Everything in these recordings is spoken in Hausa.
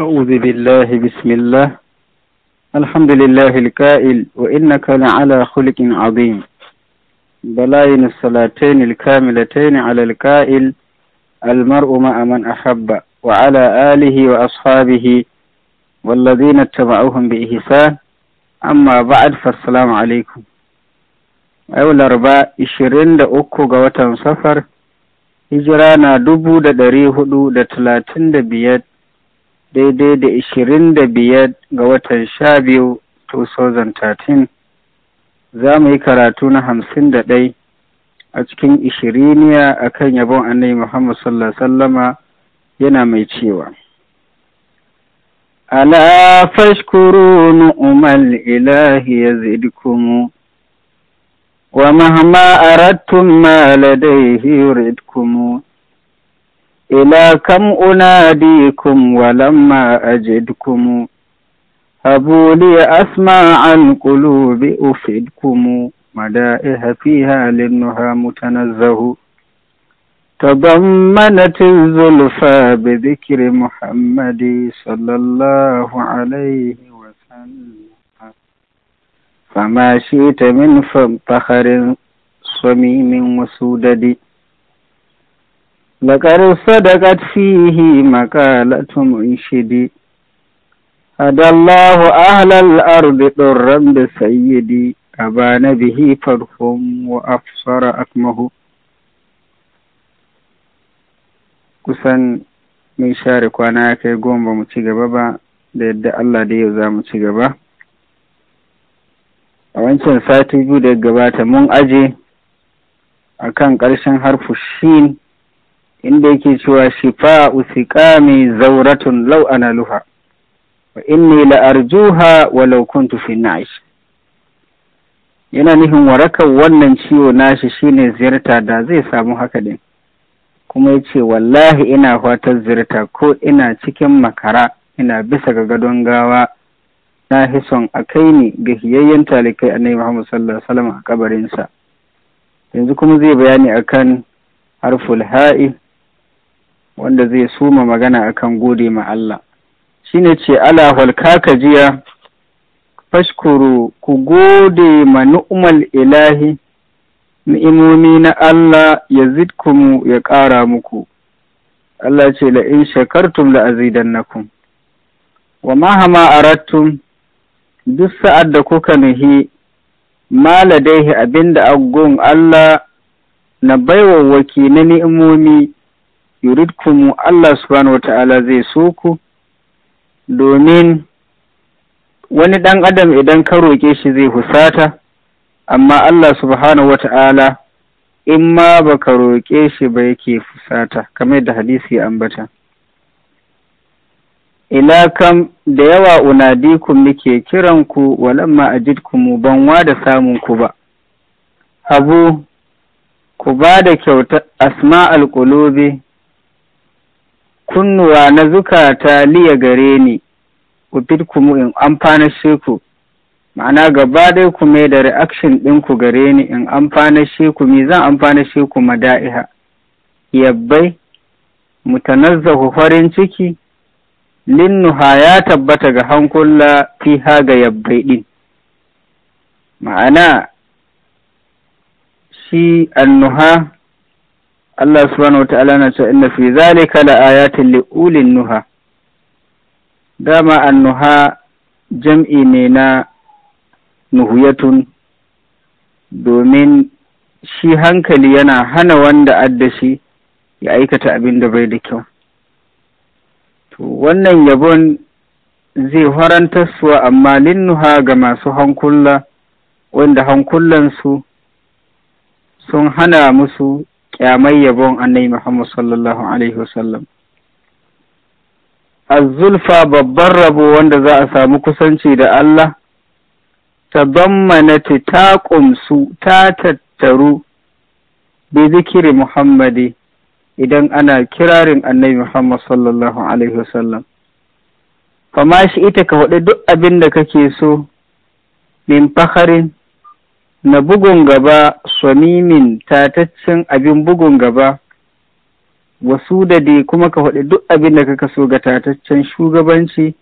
أعوذ بالله بسم الله الحمد لله الكائل وإنك لعلى خلق عظيم بلاين الصلاتين الكاملتين على الكائل المرء مع من أحب وعلى آله وأصحابه والذين اتبعوهم بإحسان amma ba'ad fassalamu alaikum yau laraba 23 ga watan safar hijira na dubu da ɗari hudu da talatin da biyar daidai da ishirin da biyar ga watan sha biyu 2013 za mu yi karatu na hamsin da ɗai a cikin ishiriniya a kan yabon annabi Muhammad sallallahu sallama yana mai cewa ala fashkuru nu'umal ilahi ya zidkumu wa mahama arattum ma ladaihi yuridkumu إلى كم أناديكم ولما أجدكم هبوا لي أسمع عن قلوب أفدكم مدائح فيها للنهى متنزه تضمنت الزلفى بذكر محمد صلى الله عليه وسلم فما شئت من فخر صميم وسودد لقد صدقت فيه مقالة منشدي هدى الله أهل الأرض ضرا بسيدي أبان به فرهم وأفسر أكمه kusan mun share kwana ya kai goma ba mu ci gaba da yadda Allah da yau za mu ci gaba a wancan sati biyu da gabata mun aje akan kan harfushin. inda yake cewa shifa usikami zauratun ana luha, wa inni la arjuha walau kuntu fi na'ish yana nuhin warakar wannan ciwo na shi shine ziyarta da zai samu haka din kuma ya ce wallahi ina fatan ziyarta ko ina cikin makara ina bisa ga gadon gawa na hison a kai ni ga hiyayyen talikai annabi Muhammad sallallahu alaihi wasallam a kabarinsa yanzu kuma zai bayani akan harful ha'i wanda zai suma magana akan gode ma Allah shine ce ala kaka jiya fashkuru ku gode ma nu'mal ilahi ni'imomi na Allah ya zidkumu ya ƙara muku Allah ce la in shakartum la azidannakum wa mahama arattum duk sa'ad da kuka nuhi ma abin abinda aggun Allah na baiwa na ni'imomi yuridkumu Allah subhanahu wata'ala zai so ku domin wani ɗan adam idan ka roƙe shi zai husata amma Allah subhanahu wata'ala in ma ba ka roƙe shi ba yake fusata kamar da hadisi ambata Ina kam da yawa unadikum nake kiran ku walamma ajidkum banwa da samun ku ba habu ku ba da kyauta asma kolobe. kunnuwa na zukata liya gare ni ubidkumu in amfana ku ma'ana gaba dai ku mai da reaction ɗinku gare ni in amfana ku mi zan amfana amfanashe ku mada'iha yabbai mutanazzahu farin ciki linnuha ya tabbata ga hankula fiha ga yabbai ɗin ma'ana shi annuha Allah subhanahu wa ta'ala na cewa inna fi zalika la ayatin li ulin nuha dama annuha jam'i ne na nuhuyatun domin shi hankali yana hana wanda addashi ya aikata abin da bai da kyau to wannan yabon zai horantar suwa amma linnuha ga masu hankula wanda hankulansu sun hana musu kyamai yabon annai Muhammad sallallahu Alaihi wasallam. Azulfa babban rabo wanda za a samu kusanci da Allah, ta zammanati ta ƙumsu ta tattaru bi zikiri Muhammadi idan ana kirarin annabi Muhammad sallallahu Alaihi wasallam. Fama shi ita ka faɗi duk abin da kake so, min faharin na bugun gaba swamimin tataccen abin bugun gaba wasu da dai kuma ka faɗi duk abin da kaka so ga tataccen shugabanci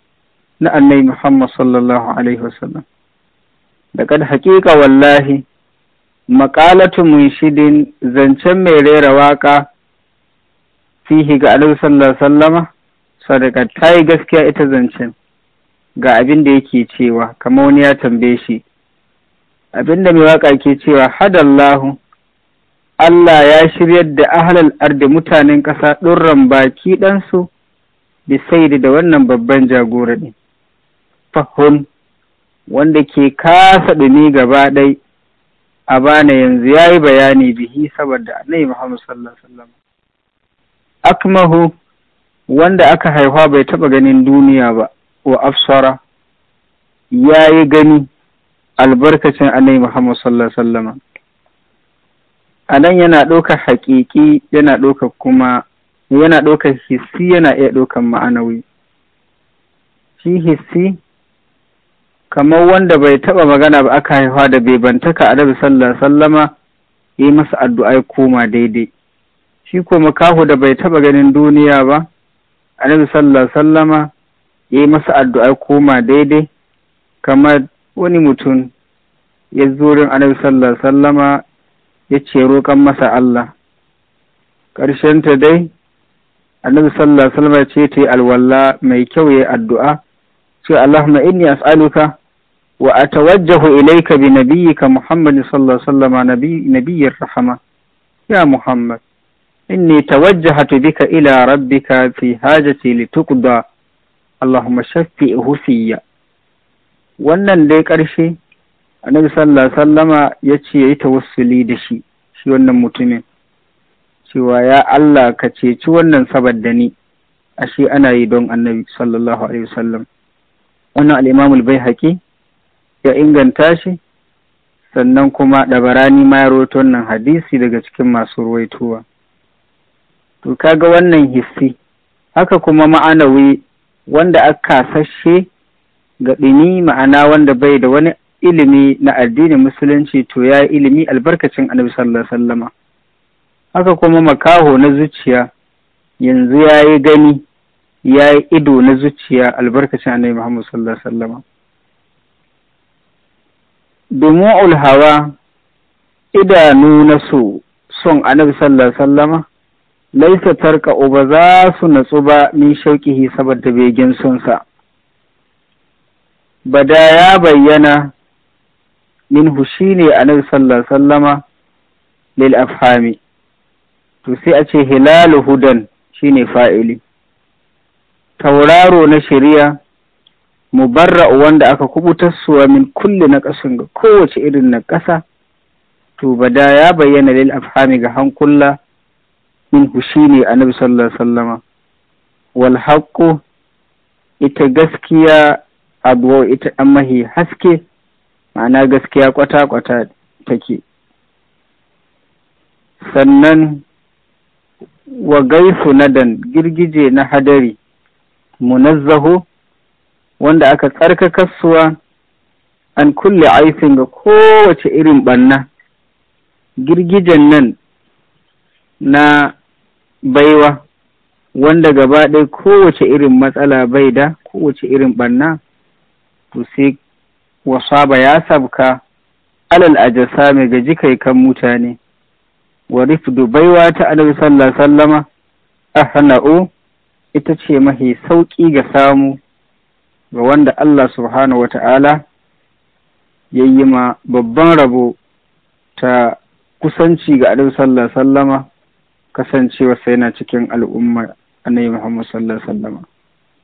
na annai Muhammad sallallahu alaihi wasallam da kada haƙiƙa wallahi maƙalatu munshidin zancen mai rera waƙa fihi ga annabi sallallahu sallama sadaka ta yi gaskiya ita zancen ga abin da yake cewa kamar wani ya tambaye shi abinda mai waka ke cewa hadallahu Allah ya shiryar da ahlal ardi mutanen ƙasa ɗurran baki ɗansu da saidi da wannan babban jagora ne fahun wanda ke kasa ɗumi gaba ɗai a bana yanzu ya yi bayani bihi saboda annabi Muhammad sallallahu alaihi akmahu wanda aka haihuwa bai taɓa ganin duniya ba wa afsara ya yi gani albarkacin annabi Muhammad sallallahu alaihi wasallam a nan yana ɗaukar haƙiƙi yana ɗaukar kuma yana ɗaukar hissi yana iya ɗaukar ma'anawi shi hissi kamar wanda bai taɓa magana ba aka haifa da bai bantaka annabi sallallahu alaihi wasallama yi masa addu'a koma daidai shi ko makaho da bai taɓa ganin duniya ba annabi sallallahu alaihi wasallama yi masa addu'a koma daidai kamar wani mutum ya zurin annabi sallallahu sallama ya ce roƙon masa Allah ta dai annabi sallallahu sallama ce ta yi alwala mai kyau ya yi addu'a ce Allahumma inni as'aluka wa atawajjahu ilayka bi nabiyyika Muhammad sallallahu sallama nabiyyir rahama ya Muhammad inni tawajjahatu bika ila rabbika fi hajati lituqda Allahumma shaffi'hu fiyya wannan dai ƙarshe annabi sallallahu sallama ya ce ya yi tawassuli da shi shi wannan mutumin cewa ya Allah ka ceci wannan da ni ashe ana yi don annabi sallallahu alaihi wasallam wannan al'imamul bai haƙi ya inganta shi sannan kuma ɗabarani ma ya roto wannan hadisi daga cikin masu ruwaituwa to kaga wannan hissi haka kuma ma'anawi wanda aka sashe ga ɗini ma'ana wanda bai da wani ilimi na addinin musulunci to ya yi ilimi albarkacin annabi sallallahu sallama haka kuma makaho na zuciya yanzu ya yi gani ya yi ido na zuciya albarkacin annabi muhammad sallallahu sallama domin ulhawa idanu na so son annabi sallallahu sallama laisa tarka uba za su natsu ba min shauƙihi saboda begen sonsa. bada ya bayyana minhu ne annabi sallar sallama lil afhami to sai a ce hilalu hudan shi ne fa'ili tauraro na shari'a mubarra wanda aka kubutar suwa min kulle na ƙasan ga kowace irin na ƙasa to bada ya bayyana lil afhami ga hankula ne ne annabi sallallahu sallama wal ita gaskiya abuwa ita ɗan mahi haske ma'ana gaskiya kwata-kwata take sannan wa gaisu na dan girgije na hadari munazzaho wanda aka kasuwa an kulle aifin ga kowace irin ɓanna girgijen nan na baiwa wanda gaba ɗaya kowace irin matsala bai da kowace irin ɓanna to sai wasaba ya sabka alal ajasa mai gaji kai kan mutane wa rifdu baiwa ta annabi sallallahu sallama hanau ita ce mahi sauƙi ga samu ga wanda Allah subhanahu wata'ala ya yi ma babban rabo ta kusanci ga annabi sallallahu sallama kasancewa sai yana cikin al'umma annabi Muhammad sallallahu sallama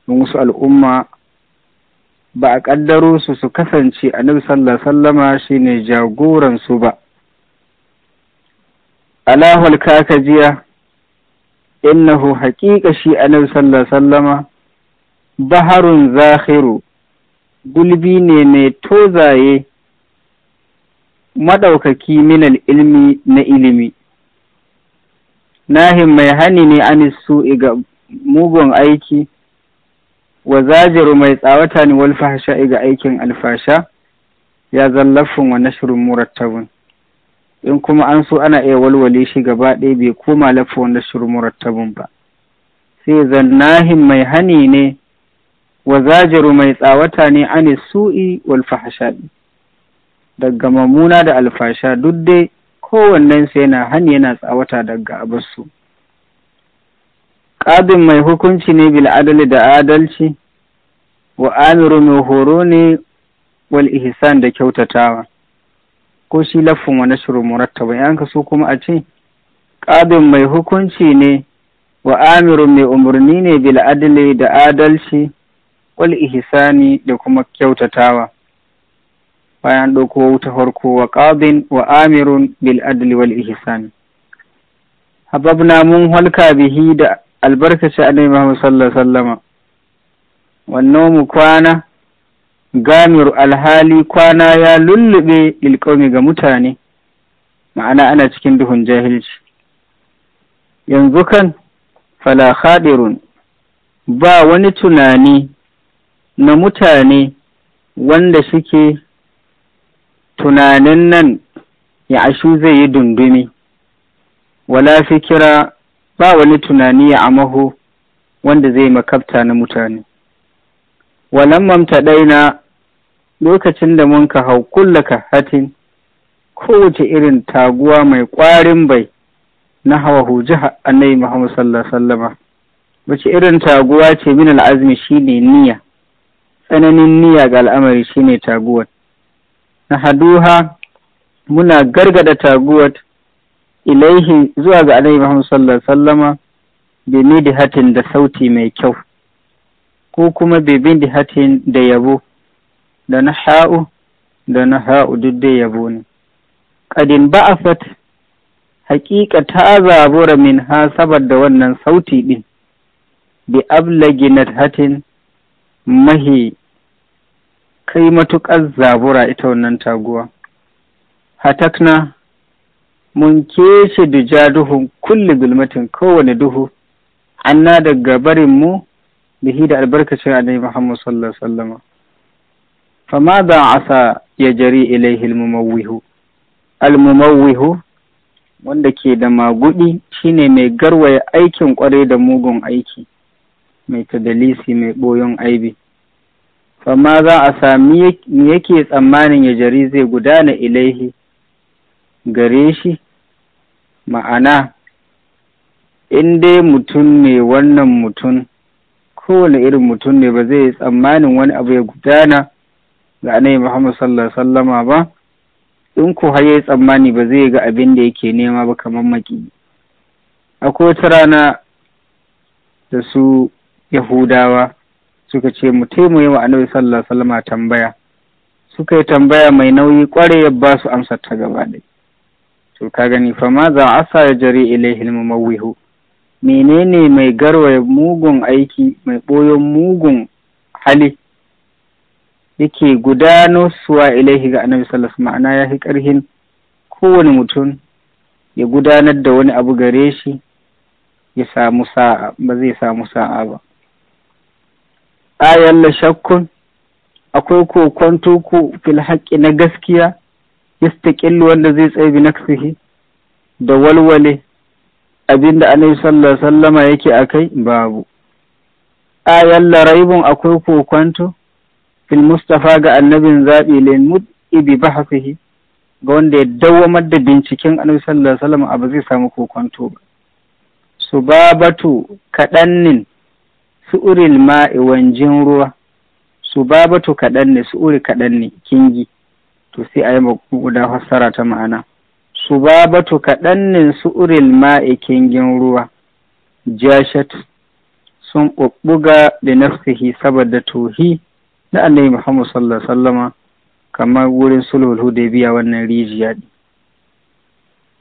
don wasu al'umma ba a ƙaddaro su su kasance annabi sallallahu sallama shine jagoran su ba alahul kakajiya innahu haƙiƙa shi annabi sallallahu sallama baharun zahiru gulbi ne mai tozaye maɗaukaki minal ilmi na ilimi nahin mai hani ne an su ga mugun aiki wa zajiru mai tsawata ne wal fahsha ga aikin alfasha ya zallafin wa nashrun murattabun in kuma an so ana iya walwale shi gaba ɗaya bai koma lafa wa nashrun murattabun ba sai zannahin mai hani ne wa zajiru mai tsawata ne ani su'i wal fahsha daga mamuna da alfasha duk dai kowannen sai yana hani yana tsawata daga abarsu Ƙabin mai hukunci ne bil adali da adalci wa amiru mai horo ne wal ihsan da kyautatawa ko shi laffin wa nashru murattaba ka so kuma a ce ƙadin mai hukunci ne wa amiru mai umarni ne bil adali da adalci wal ihsani da kuma kyautatawa bayan ɗauko ta farko wa ƙadin wa amirun bil adli wal ihsan hababna mun halka bihi da albarkaci annabi Muhammad sallallahu alaihi Sallama. wannan mu kwana gamiru alhali kwana ya lullube ilƙaumi ga mutane ma'ana ana cikin duhun jahilci yanzu kan fala ba wani tunani na mutane wanda suke tunanin nan ya ashu zai yi dundumi wala fikira ba wani tunani a maho wanda zai makabta na mutane walamman ɗaina lokacin da mun ka hau kullaka hatin kowace irin taguwa mai ƙwarin bai na hawa a annai Muhammad sallallahu sallama wace irin taguwa ce min al'azmi ne niyya tsananin niyya ga al'amari shi ne taguwar na haduha muna gargada taguwar ilaihi zuwa ga alaihi Muhammad sallallahu sallama bi hatin da sauti mai kyau ko kuma bi hatin da yabo da na ha'u da na ha'u duk da yabo ne kadin ba'afat haƙiƙa ta zabura min ha saboda wannan sauti ɗin bi ablaginat hatin mahi kai matuƙar zabura ita wannan taguwa hatakna mun kece bija duhun kulle gulmatin kowane duhu anna da barin mu bihi da albarkacin annabi Muhammad sallallahu alaihi wasallam fama da asa ya jari ilaihi almumawwihu almumawwihu wanda ke da magudi shine mai garwaya aikin kwarai da mugun aiki mai tadalisi mai boyon aibi fama za a sami yake tsammanin ya jari zai gudana ilaihi gare shi ma'ana in dai mutum ne wannan mutum kowane irin mutum ne ba zai yi tsammanin wani abu ya gudana ga annabi Muhammad sallallahu alaihi ba in ko har yayi tsammani ba zai ga abin da yake nema ba kamar maki akwai wata rana da su Yahudawa suka ce mu taimu wa annabi sallallahu alaihi wasallama tambaya suka yi tambaya mai nauyi kware ya ba su amsar ta gaba ɗaya to ka gani fa ma za asa ya jari ilaihi mumawwihu menene mai garwa mugun aiki mai ɓoyon mugun hali yake gudano suwa ilaihi ga annabi sallallahu alaihi ma'ana yafi fi ƙarhin kowane mutum ya gudanar da wani abu gare shi ya samu sa'a ba zai samu sa'a ba ayan la shakkun akwai kokon ko fil haqqi na gaskiya istiqil wanda zai tsaye bi nafsihi da walwale abinda annabi sallallahu alaihi wasallama yake akai babu ayan raibun akwai kokonto fil mustafa ga annabin zaɓi lin mud'ibi bahasihi ga wanda ya dawamar da binciken annabi sallallahu alaihi wasallam abu zai samu kokonto ba su babatu kaɗannin su'uril ma'i wanjin ruwa su babatu kaɗanne su'uri kaɗanne kingi to sai a yi guda fassara ta ma'ana su ba batu kaɗannin su'uril ma'aikin kingin ruwa jashat sun ɓuɓɓuga da nafsihi saboda Tuhi na annabi muhammad sallallahu sallama kamar wurin sulhul hudaybiya wannan rijiya ne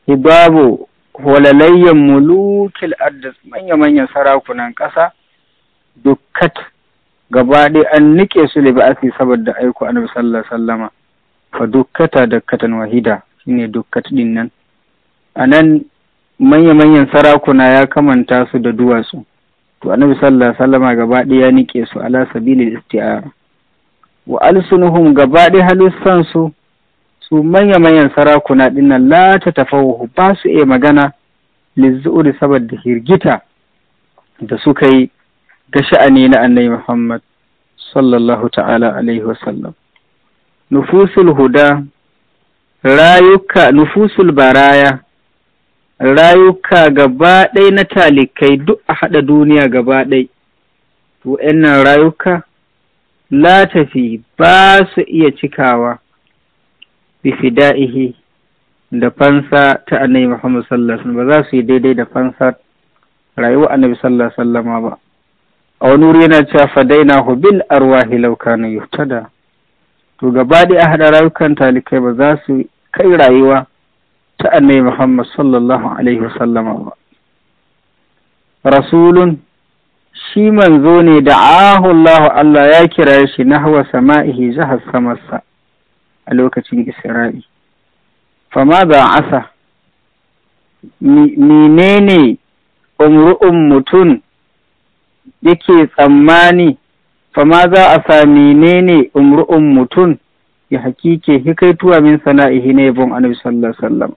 hibabu holalayyan mulukil ardis manya-manyan sarakunan ƙasa dukkat gaba ɗaya an nike su da ba'asi saboda aiko annabi sallallahu sallama fa dukkata dakkatan wahida shine dukkat din nan a nan manya-manyan sarakuna ya kamanta su da duwatsu to annabi sallallahu alaihi wasallama gaba ɗaya ya nike su ala sabilil isti'ara wa alsunuhum gaba ɗaya halissan su su manya-manyan sarakuna ɗin nan la ta tafawahu ba su iya magana lizzu'uri saboda hirgita da suka yi ga sha'ani na annabi Muhammad sallallahu ta'ala alaihi wasallam nufusul huda rayuka nufusul baraya rayuka gaba ɗai na talikai duk a haɗa duniya gaba ɗai to nan rayuka latafi ba su iya cikawa fidaihi da fansa ta annabi Muhammad sallallahu alaihi ba za su yi daidai da fansa rayuwa annabi sallallahu alaihi ba a wani wuri yana cewa fadaina hu bil arwahi law kana to gaba da a haɗa rayukan talikai ba za su kai rayuwa ta annai Muhammad sallallahu Alaihi wasallama ba. Rasulun shi manzo ne da ahullahu Allah ya kira shi na hawa sama'ihi jihar samarsa a lokacin Isra'i. Fama ba asa, menene umru'un mutum yake tsammani fama za a sami ne ne umru'un mutum ya hakike hikaituwa min sana'ihi ne yabon annabi sallallahu alaihi wasallam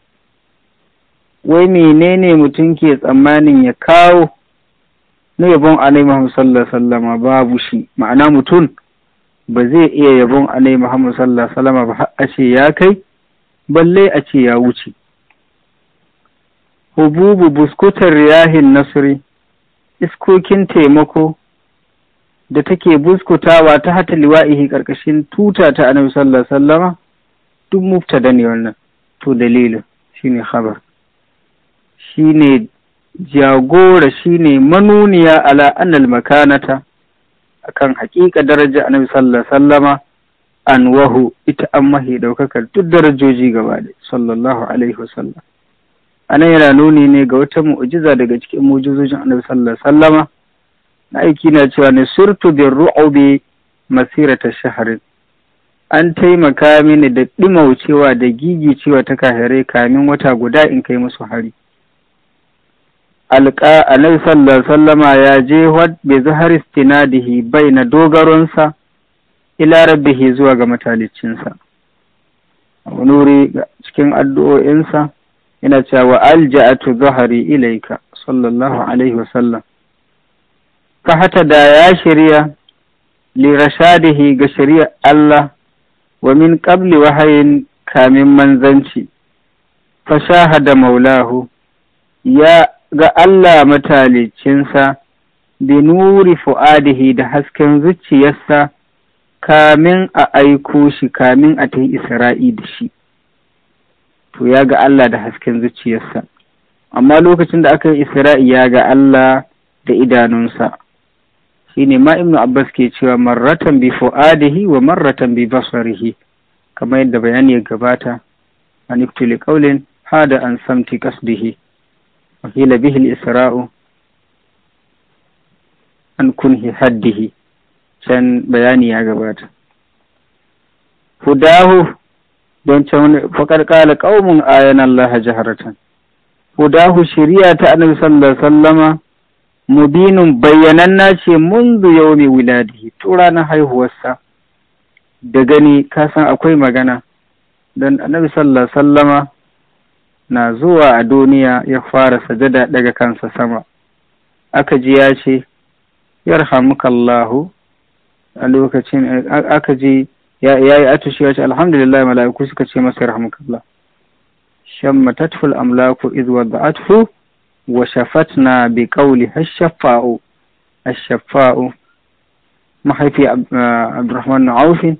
wai menene mutum ke tsammanin ya kawo na yabon annabi Muhammadu sallallahu alaihi wasallam babu shi ma'ana mutum ba zai iya yabon annabi Muhammadu sallallahu alaihi wasallam ba a ce ya kai balle a ce ya wuce hububu buskutar riyahin nasri iskokin taimako da take buskutawa ta hata liwa'ihi karkashin tuta ta annabi sallallahu alaihi wasallama duk mubtada ne wannan to dalilin shine khabar shine jagora shine manuniya ala annal makanata akan haƙiƙa daraja annabi sallallahu alaihi wasallama an wahu ita an mahi ɗaukakar duk darajoji gaba da sallallahu alaihi wasallam anan yana nuni ne ga wata mu'jiza daga cikin mu'jizojin annabi sallallahu alaihi wasallama na aiki na cewa ne surtu bin masira masirata shaharin an taimaka mini da ɗimaucewa da gigicewa ta kahirai kamin wata guda in kai musu hari alƙa alaihi sallar sallama ya je wad bi zahar istinadihi bai na dogaronsa ila rabbihi zuwa ga matalicinsa a wani wuri cikin addu'o'insa yana cewa alja'atu zahari ilaika sallallahu alaihi wasallam ka hata da ya shirya li rashadihi ga shari'a Allah wa min qabli wahayin kamin manzanci da maulahu ya ga Allah matalicinsa bi nuri fu'adihi da hasken zuciyarsa kamin a aiko shi kamin a ta isra'i da shi to ya ga Allah da hasken zuciyarsa amma lokacin da aka yi isra'i ya ga Allah da idanunsa shine ma ibnu abbas ke cewa marratan bi fu'adihi wa marratan bi basarihi kamar yadda bayani ya gabata an ibtili qaulin hada an samti qasdihi wa fila bihi israu an kunhi haddihi can bayani ya gabata hudahu don can faƙar ƙala ƙaumin ayan Allah jaharatan hudahu shiriya ta annabi sallallahu alaihi sallama mubinun bayyananna ce mundu yaumi wiladihi tun ranar haihuwarsa da gani kasan akwai magana don annabi sallallahu sallama na zuwa a duniya ya fara sajada daga kansa sama aka ji ya ce yarhamukallahu a lokacin aka ji ya yi atushi ya ce alhamdulillah mala'iku suka ce masa yarhamukallah shammatatful amlaku da atfu وشفتنا بقولها الشفاء الشفاء mahaifi uh, abdurrahman aufin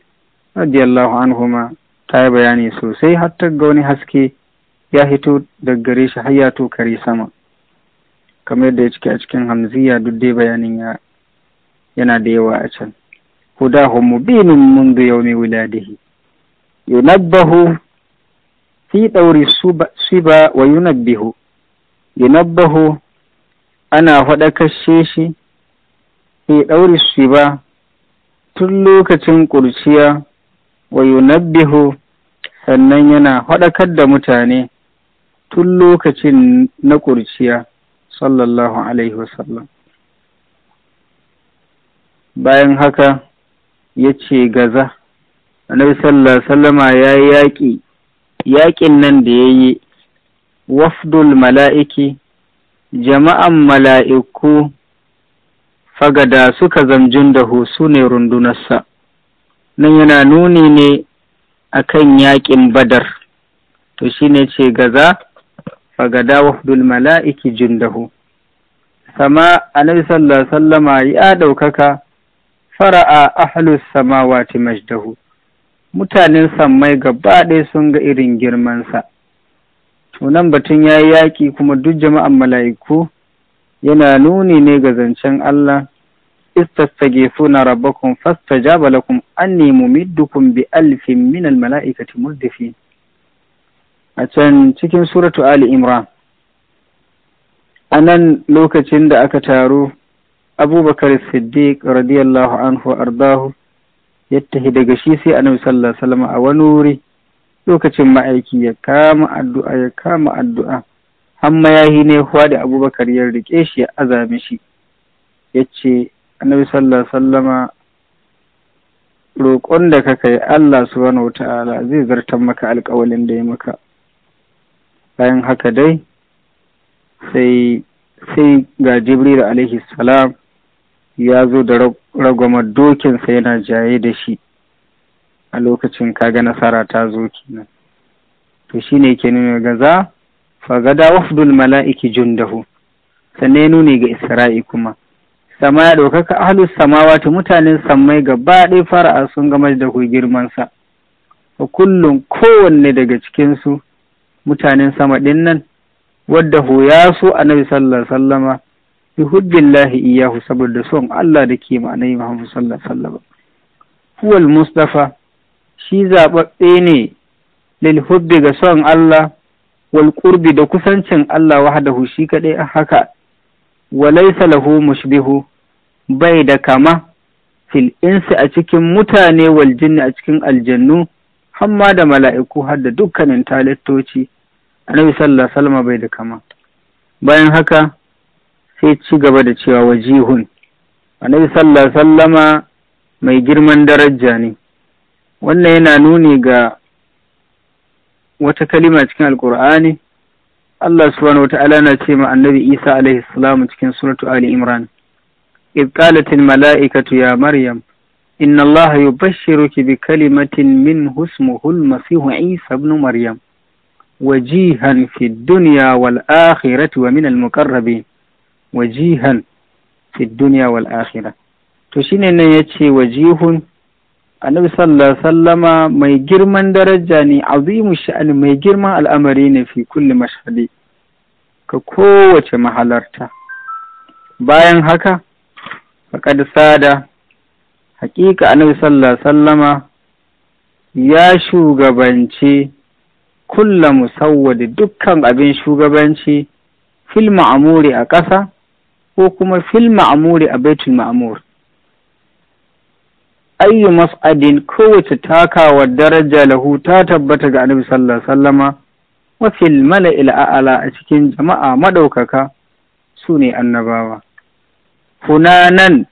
radiyallahu anhuma ta yi bayani sosai har ta ga wani haske ya hito daga gare shi har ya kare sama kamar yadda ya cike a cikin hamziya duk dai bayanin yana da yawa a can hudahu mubinin mundu yaumi wiladihi yunabbahu fi dauri suba wa yunabbihu yunabbahu ana kashe shi ke ɗauri shi ba tun lokacin ƙurciya wa yunabbihu sannan yana faɗakar da mutane tun lokacin na ƙurciya sallallahu alaihi wasallam bayan haka ya ce gaza annabi sallallahu alaihi wasallama ya yaƙi yaƙin nan da ya yi wafdul mala'iki jama'an mala'iku fagada suka zamjin da sune ne rundunarsa nan yana nuni ne akan yaƙin badar to shi ne ce gaza fagada wafdul mala'iki jin hu. sama annabi sallallahu sallama ya ɗaukaka fara'a ahlus samawati majdahu mutanen sammai gaba ɗaya sun ga irin girmansa to nan batun ya yi yaƙi kuma duk jama'an mala'iku yana nuni ne ga zancen Allah istastage suna rabakun fasta jabalakun an nemi middukun bi alfin minal mala'ikati murdifi a can cikin suratu Ali Imran a nan lokacin da aka taru abubakar siddiq radiyallahu anhu ardahu yadda daga shi sai annabi sallallahu alaihi a wani wuri lokacin ma'aiki ya kama addu'a ya kama addu'a har ya ne kuwa da abubakar ya rike shi ya azame shi ya ce annabi sallallahu sallama roƙon da ka kai Allah subhanahu ta'ala zai zartar maka alƙawalin da ya maka bayan haka dai sai sai ga jibril alaihi salam ya zo da ragwamar sai yana jaye da shi a lokacin ka ga nasara ta zo kenan to shine yake nuna ga za fa gada wafdul mala'iki jundahu sannan ya nuni ga isra'i kuma sama ya ɗaukaka ahlus samawati mutanen sammai gaba ɗaya fara sun gama da ku girman sa. wa kullum kowanne daga su mutanen sama ɗin nan wadda hu ya so annabi sallallahu alaihi sallama bi hujjillahi iyahu saboda son Allah da ke ma'anai Muhammad sallallahu alaihi sallama huwal mustafa shi zaɓaɓɓe ne lilhubbi ga son Allah Walƙurbi da kusancin Allah wahdahu shi a haka Walai Salahu mushbihu bai da kama fil insi a cikin mutane wal jinni a cikin aljannu hamma da mala'iku har da dukkanin talittoci annabi sallallahu alaihi bai da kama bayan haka sai ci gaba da cewa wajihun annabi sallallahu alaihi mai girman daraja ne wannan yana nuni ga wata kalima cikin alkur'ani Allah subhanahu wata'ala na ce ma annabi Isa alaihi cikin suratu Ali Imran idh qalat malaikatu ya Maryam inna Allah yubashshiruki bi kalimatin min husmuhu al-masih Isa ibn Maryam wajihan fi dunya wal akhirati wa min al wajihan fi wal akhirah to shine nan yace wajihun annabi sallallahu alaihi sallama mai girman daraja ne azimu sha'ani mai girman al'amari ne fi kulli mashhadi ka kowace mahalarta bayan haka faqad sada haƙiƙa annabi sallallahu alaihi sallama ya shugabanci kulla musawwadi dukkan abin shugabanci fil ma'amuri a ƙasa ko kuma fil ma'amuri a baitul ma'amur ayyu mas'adin kowace takawa daraja lahu ta tabbata ga annabi sallallahu alaihi wasallama wa fil mala'il a'ala a cikin jama'a madaukaka su ne annabawa hunanan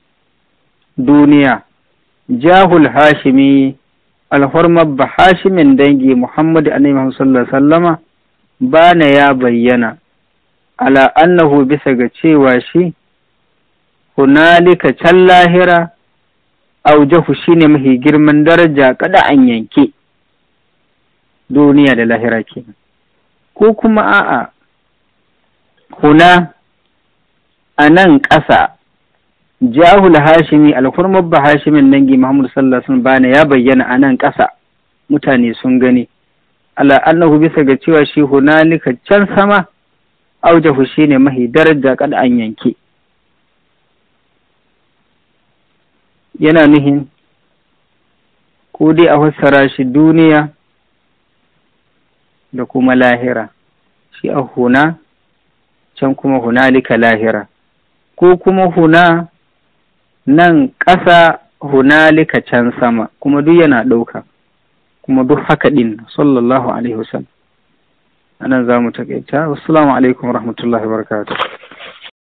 duniya jahul hashimi ba bahashimin dangi muhammadu annabi muhammad sallama bana ya bayyana ala annahu bisa ga cewa shi hunalika can lahira aujahu shine mahi girman daraja kada an yanke duniya da lahira kenan ko kuma a'a kuna a nan ƙasa jahul hashimi alhurmar ba hashimin nangi muhammadu sallallahu bana ya bayyana a nan ƙasa mutane sun gani ala annahu bisa ga cewa shi hunalika can sama aujahu shine mahi daraja kada an yanke yana nuhin ko dai a fassara shi duniya da kuma lahira shi a huna can kuma hunalika lahira ko kuma huna nan ƙasa hunalika can sama kuma duk yana ɗauka kuma duk haka ɗin sallallahu alaihi wasallam anan za mu taƙaita wasu alaikum wa wabarakatuh